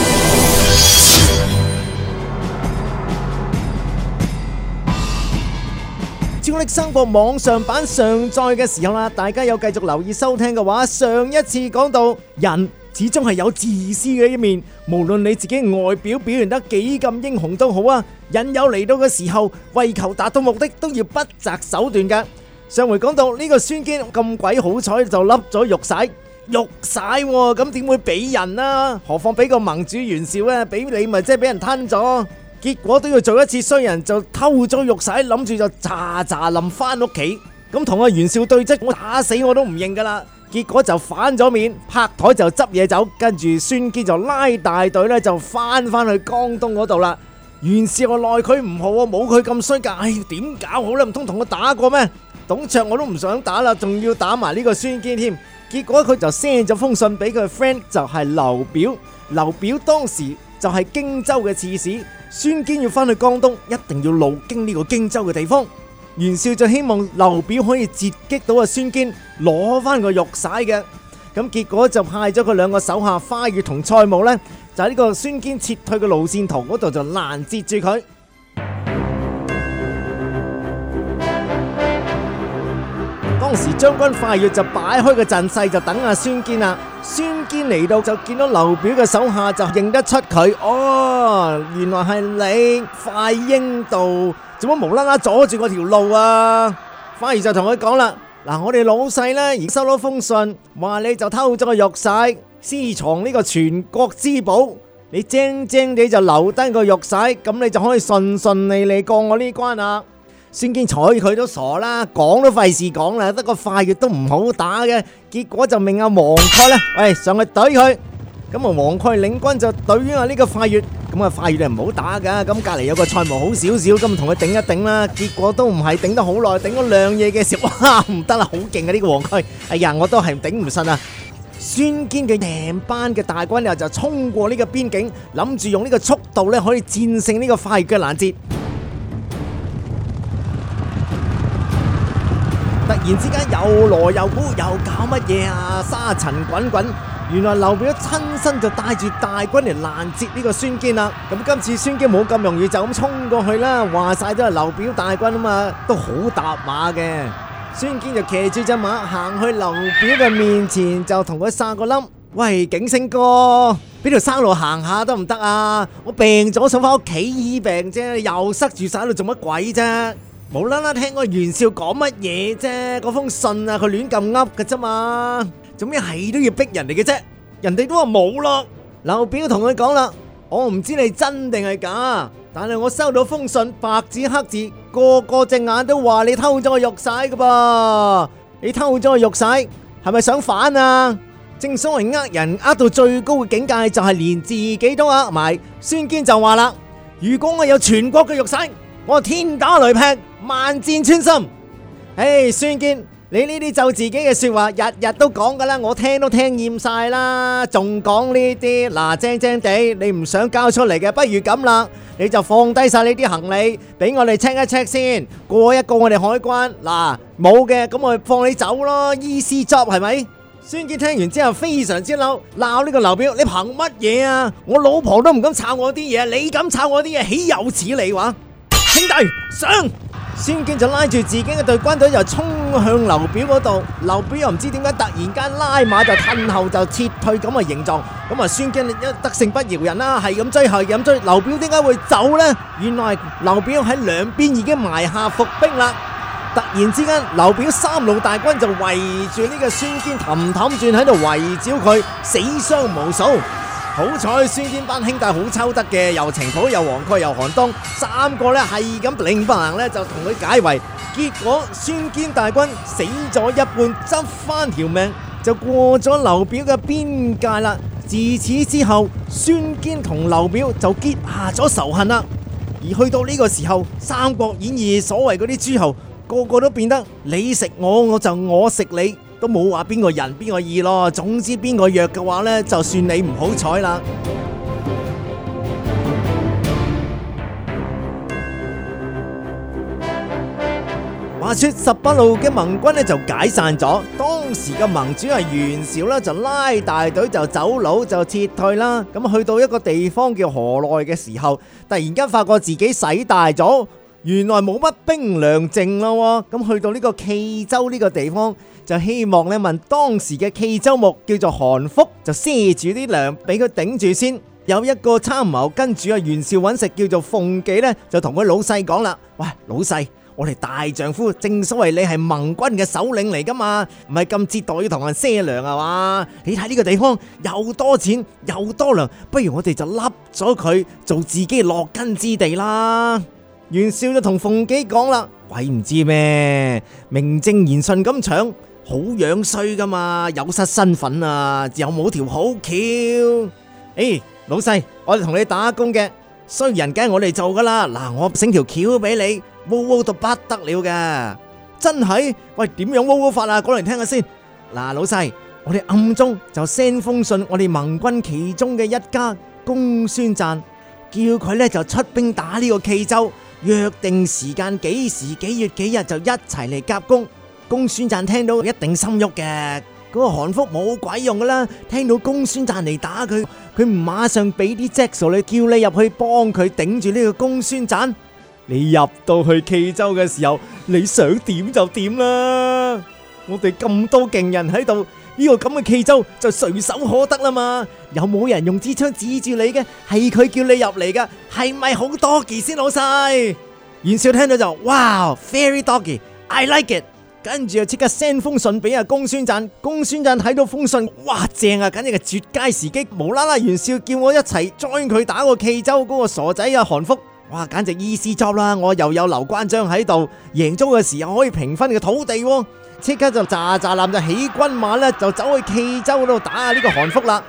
《朱古力三國》網上版上載嘅時候啦，大家有繼續留意收聽嘅話，上一次講到人始終係有自私嘅一面，無論你自己外表表現得幾咁英雄都好啊，引誘嚟到嘅時候，為求達到目的都要不擇手段噶。上回講到呢個孫堅咁鬼好彩就笠咗玉玺，玉玺咁點會俾人啊？何況俾個盟主袁紹啊，俾你咪即係俾人吞咗。結果都要做一次衰人，就偷咗玉璽，諗住就渣渣林翻屋企，咁同阿袁紹對質，我打死我都唔認噶啦。結果就反咗面，拍台就執嘢走，跟住孫堅就拉大隊咧就翻翻去江東嗰度啦。袁紹耐佢唔好啊，冇佢咁衰噶，哎點搞好啦？唔通同我打過咩？董卓我都唔想打啦，仲要打埋呢個孫堅添。結果佢就 send 咗封信俾佢 friend，就係劉表。劉表當時。就係荊州嘅刺史，孫堅要翻去江東，一定要路經呢個荊州嘅地方。袁紹就希望劉表可以截擊到阿孫堅，攞翻個玉璽嘅。咁結果就派咗佢兩個手下花月同蔡瑁呢，就喺呢個孫堅撤退嘅路線圖嗰度就攔截住佢。當時將軍快越就擺開個陣勢，就等阿孫堅啦，孫堅嚟到就見到劉表嘅手下就認得出佢，哦，原來係你快英道，做乜無啦啦阻住嗰條路啊？反而就同佢講啦，嗱，我哋老細呢而收咗封信，話你就偷咗個玉璽，私藏呢個全國之寶，你精精地就留低個玉璽，咁你就可以順順利利過我呢關啦。孫堅睬佢都傻啦，講都費事講啦，得個快月都唔好打嘅，結果就命阿黃蓋啦，喂上去懟佢，咁啊黃蓋領軍就懟啊呢個快月，咁啊快月就唔好打噶，咁隔籬有個蔡瑁好少少，咁同佢頂一頂啦，結果都唔係頂得好耐，頂咗兩嘢嘅時，哇唔得啦，好勁啊呢個黃蓋，哎呀我都係頂唔順啊，孫堅嘅成班嘅大軍又就衝過呢個邊境，諗住用呢個速度咧可以戰勝呢個快月嘅攔截。突然之間又鑼又鼓又搞乜嘢啊？沙塵滾滾，原來劉表親身就帶住大軍嚟攔截呢個孫堅啦。咁今次孫堅冇咁容易就咁衝過去啦，話晒都係劉表大軍啊嘛，都好搭馬嘅。孫堅就騎住隻馬行去劉表嘅面前，就同佢撒個冧。喂，景升哥，俾條生路行下得唔得啊？我病咗，想翻屋企醫病啫，又塞住晒喺度做乜鬼啫？冇啦啦聽我袁紹講乜嘢啫？嗰封信啊，佢亂咁噏嘅啫嘛。做咩係都要逼人哋嘅啫？人哋都話冇咯。劉表同佢講啦：我唔知你真定係假，但係我收到封信，白紙黑字，個個隻眼都話你偷咗我玉璽嘅噃。你偷咗我玉璽，係咪想反啊？正所謂呃人，呃到最高嘅境界就係連自己都呃埋。孫堅就話啦：如果我有全國嘅玉璽。我天打雷劈，萬箭穿心。唉，孫堅，你呢啲就自己嘅說話，日日都講噶啦，我聽都聽厭晒啦，仲講呢啲嗱，正正地，你唔想交出嚟嘅，不如咁啦，你就放低晒你啲行李，俾我哋 check 一 check 先，過一過我哋海關。嗱、啊，冇嘅，咁我放你走啦，easy 執係咪？孫堅聽完之後非常之嬲，鬧呢個劉表，你憑乜嘢啊？我老婆都唔敢炒我啲嘢，你敢炒我啲嘢，豈有此理話？兄弟上！孫堅就拉住自己嘅隊軍隊，就衝向劉表嗰度。劉表又唔知點解突然間拉馬就褪後就撤退咁嘅形狀。咁啊，孫堅一得勝不饒人啦，係咁追，係咁追。劉表點解會走呢？原來劉表喺兩邊已經埋下伏兵啦。突然之間，劉表三路大軍就圍住呢個孫堅，氹氹轉喺度圍剿佢，死傷無數。好彩，孫堅班兄弟好抽得嘅，又程普又黃蓋又韓當。三個呢係咁，並不行呢就同佢解圍。結果孫堅大軍死咗一半，執翻條命就過咗劉表嘅邊界啦。自此之後，孫堅同劉表就結下咗仇恨啦。而去到呢個時候，《三國演義》所謂嗰啲諸侯，個個都變得你食我，我就我食你。都冇話邊個仁邊個義咯，總之邊個弱嘅話呢，就算你唔好彩啦。話說十八路嘅盟軍呢，就解散咗，當時嘅盟主係袁紹啦，就拉大隊就走佬就撤退啦。咁去到一個地方叫河內嘅時候，突然間發覺自己使大咗。原來冇乜兵糧剩咯，咁去到呢個冀州呢個地方，就希望你問當時嘅冀州牧叫做韓福，就賒住啲糧俾佢頂住先。有一個參謀跟住啊袁紹搵食叫做逢紀呢，就同佢老細講啦：喂，老細，我哋大丈夫正所謂你係盟軍嘅首領嚟噶嘛，唔係咁折墮要同人賒糧係嘛？你睇呢個地方又多錢又多糧，不如我哋就笠咗佢做自己落根之地啦。袁紹就同逢紀講啦：鬼唔知咩？名正言順咁搶，好樣衰噶嘛，有失身份啊，又冇條好橋。誒，老細，我哋同你打工嘅，衰人梗係我哋做噶啦。嗱，我整條橋俾你，嗚嗚到不得了噶，真係。喂，點樣嗚嗚法啊？講嚟聽下先。嗱，老細，我哋暗中就 send 封信，我哋盟軍其中嘅一家公孫瓚，叫佢咧就出兵打呢個冀州。約定時間幾時幾月幾日就一齊嚟夾工。公孫瓚聽到一定心喐嘅，嗰、那個韓馥冇鬼用噶啦。聽到公孫瓚嚟打佢，佢唔馬上俾啲 Jack 你，叫你入去幫佢頂住呢個公孫瓚。你入到去冀州嘅時候，你想點就點啦。我哋咁多勁人喺度。呢個咁嘅冀州就隨手可得啦嘛，有冇人用支槍指住你嘅？係佢叫你入嚟噶，係咪好 doggy 先老細？袁紹聽到就、wow,，哇，very d o g g y i like it。跟住就即刻 send 封信俾阿公孫瓚，公孫瓚睇到封信，哇，正啊，簡直係絕佳時機，無啦啦袁紹叫我一齊再佢打個冀州嗰個傻仔啊韓馥，哇，簡直意思作 y 啦，我又有劉關張喺度，贏咗嘅時候可以平分嘅土地啊。即刻就咋咋林就起軍馬咧，就走去冀州嗰度打下呢個韓馥啦。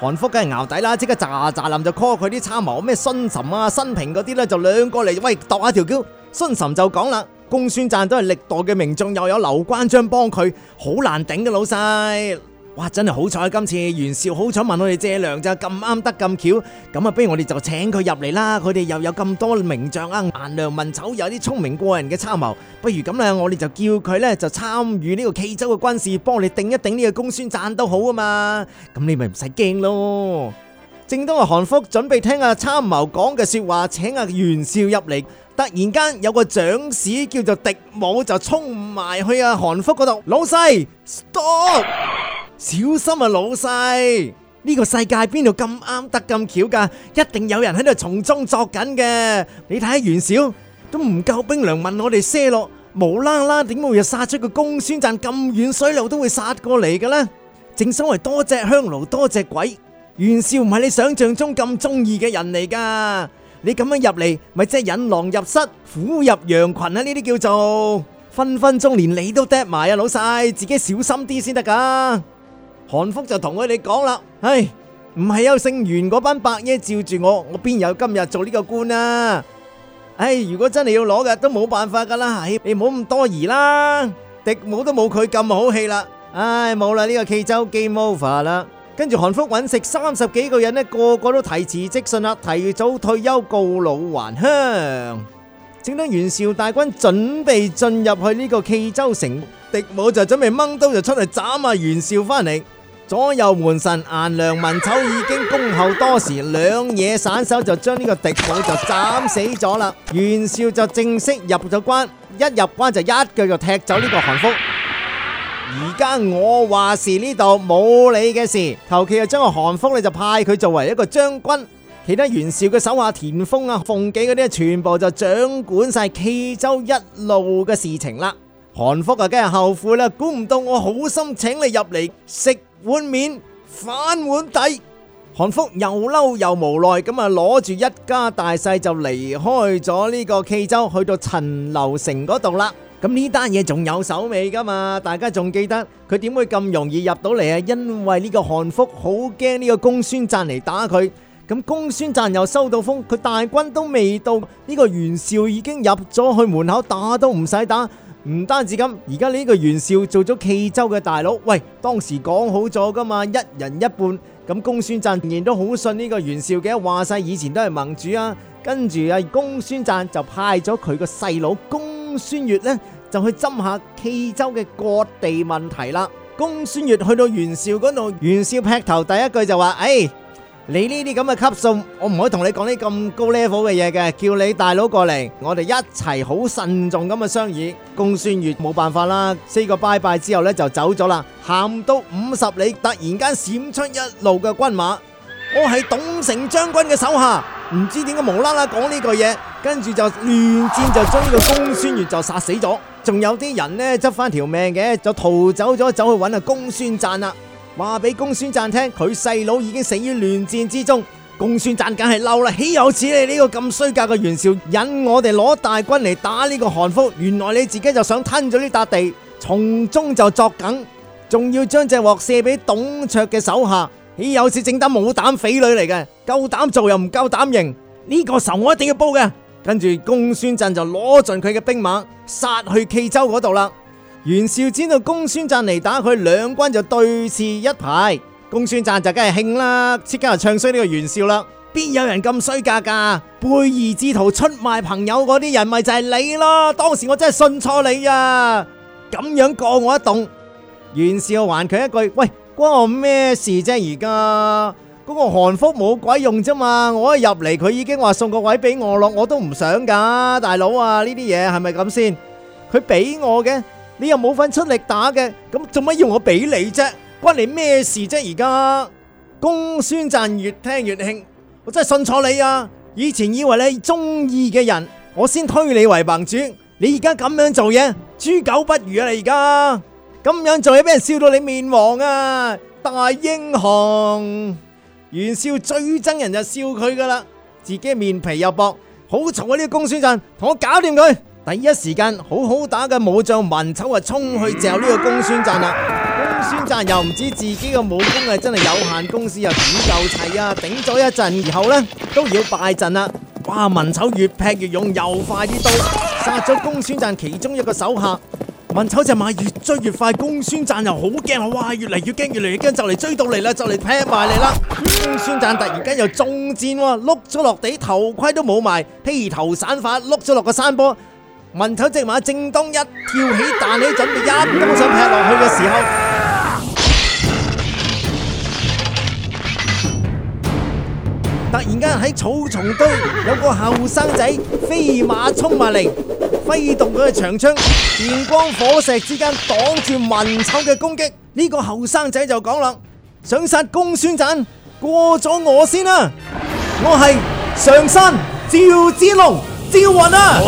韓馥梗係淆底啦，即刻咋咋林就 call 佢啲參謀咩荀諶啊、辛評嗰啲咧，就兩個嚟喂度下條橋。荀諶就講啦，公孫瓚都係歷代嘅名將，又有劉關張幫佢，好難頂嘅老細。哇！真係好彩，今次袁紹好彩問我哋借糧咋，咁啱得咁巧，咁啊，不如我哋就請佢入嚟啦。佢哋又有咁多名將啊，顏良文醜有啲聰明過人嘅參謀，不如咁啦，我哋就叫佢咧就參與呢個冀州嘅軍事，幫我哋頂一頂呢個公孫瓚都好啊嘛。咁你咪唔使驚咯。正當阿韓馥準備聽阿參謀講嘅說話，請阿袁紹入嚟。突然間有個長史叫做迪武就衝埋去阿韓馥嗰度，老細 stop，小心啊老細！呢個世界邊度咁啱得咁巧噶？一定有人喺度從中作梗嘅。你睇下袁紹都唔夠兵糧，問我哋卸落，無啦啦點會又殺出個公孫瓚咁遠水路都會殺過嚟嘅呢？正所謂多隻香爐多隻鬼，袁紹唔係你想象中咁中意嘅人嚟噶。你咁樣入嚟，咪即係引狼入室、虎入羊群啊！呢啲叫做分分鐘連你都 dead 埋啊，老細，自己小心啲先得噶。韓福就同佢哋講啦，唉，唔係有聖元嗰班伯爺照住我，我邊有今日做呢個官啊？唉，如果真係要攞嘅，都冇辦法噶啦。唉，你冇咁多疑啦，敵冇都冇佢咁好氣啦。唉，冇啦，呢個冀州 game over 啦。跟住韓馥揾食，三十幾個人呢個，個個都提辭職信啦，提早退休，告老還鄉。正當袁紹大軍準備進入去呢個冀州城，狄母就準備掹刀就出嚟斬阿袁紹翻嚟，左右門神顏良文醜已經恭候多時，兩嘢散手就將呢個狄母就斬死咗啦。袁紹就正式入咗關，一入關就一腳就踢走呢個韓馥。而家我話事，呢度冇你嘅事，求其又將個韓馥，呢就派佢作為一個將軍，其他袁紹嘅手下田豐啊、逢紀嗰啲全部就掌管晒冀州一路嘅事情啦。韓馥啊，梗係後悔啦，估唔到我好心請你入嚟食碗麵，反碗底。韓馥又嬲又無奈咁啊，攞住一家大細就離開咗呢個冀州，去到陳留城嗰度啦。咁呢單嘢仲有手尾噶嘛？大家仲記得佢點會咁容易入到嚟啊？因為呢個韓馥好驚呢個公孫瓚嚟打佢。咁公孫瓚又收到風，佢大軍都未到，呢個袁紹已經入咗去門口，打都唔使打。唔單止咁，而家呢個袁紹做咗冀州嘅大佬。喂，當時講好咗噶嘛，一人一半。咁公孫瓚仍然都好信呢個袁紹嘅，話晒以前都係盟主啊。跟住啊，公孫瓚就派咗佢個細佬公。公孫越呢，就去斟下冀州嘅各地問題啦。公孫越去到袁紹嗰度，袁紹劈頭第一句就話：誒、哎，你呢啲咁嘅級數，我唔可以同你講啲咁高 level 嘅嘢嘅，叫你大佬過嚟，我哋一齊好慎重咁嘅商議。公孫越冇辦法啦，四個拜拜之後呢，就走咗啦。行到五十里，突然間閃出一路嘅軍馬。我係董城將軍嘅手下。唔知點解無啦啦講呢句嘢，跟住就亂戰，就將呢個公孫越就殺死咗，仲有啲人呢，執翻條命嘅就逃走咗，走去揾啊公孫瓚啦，話俾公孫瓚聽佢細佬已經死於亂戰之中。公孫瓚梗係嬲啦，豈有此理，呢個咁衰格嘅袁紹，引我哋攞大軍嚟打呢個韓馥，原來你自己就想吞咗呢笪地，從中就作梗，仲要將隻鑊卸俾董卓嘅手下。有事整膽冇膽匪女嚟嘅，夠膽做又唔夠膽認，呢個仇我一定要報嘅。跟住公孫瓚就攞盡佢嘅兵馬殺去冀州嗰度啦。袁紹知道公孫瓚嚟打佢，兩軍就對峙一排。公孫瓚就梗係興啦，即刻就唱衰呢個袁紹啦。邊有人咁衰格噶？背義之徒出賣朋友嗰啲人，咪就係你咯。當時我真係信錯你啊！咁樣過我一動，袁紹還佢一句喂。關我咩事啫？而家嗰個韓馥冇鬼用啫嘛！我一入嚟佢已經話送個位俾我咯，我都唔想噶，大佬啊！呢啲嘢係咪咁先？佢俾我嘅，你又冇份出力打嘅，咁做乜要我俾你啫？關你咩事啫？而家公孫瓚越聽越興，我真係信錯你啊！以前以為你中意嘅人，我先推你為盟主，你而家咁樣做嘢，豬狗不如啊你！你而家。咁樣仲要俾人笑到你面黃啊！大英雄袁紹最憎人就笑佢噶啦，自己面皮又薄，好嘈啊！呢個公孫瓚，同我搞掂佢。第一時間好好打嘅武將文醜啊，沖去嚼呢個公孫瓚啦。公孫瓚又唔知自己嘅武功係真係有限公司又點夠齊啊！頂咗一陣，然後呢都要敗陣啦。哇！文醜越劈越勇，又快啲刀殺咗公孫瓚其中一個手下。文醜隻馬越追越快，公孫瓚又好驚啊！哇，越嚟越驚，越嚟越驚，就嚟追到嚟啦，就嚟劈埋你啦！公孫瓚突然間又中箭喎，碌咗落地，頭盔都冇埋，披頭散髮，碌咗落個山坡。文醜隻馬正當一跳起，彈起，準備一刀想劈落去嘅時候，突然間喺草叢堆有個後生仔飛馬衝埋嚟。揮動佢嘅長槍，電光火石之間擋住文醜嘅攻擊。呢、這個後生仔就講啦：想殺公孫瓚，過咗我先啦，啊！我係常山趙子龍趙雲啊！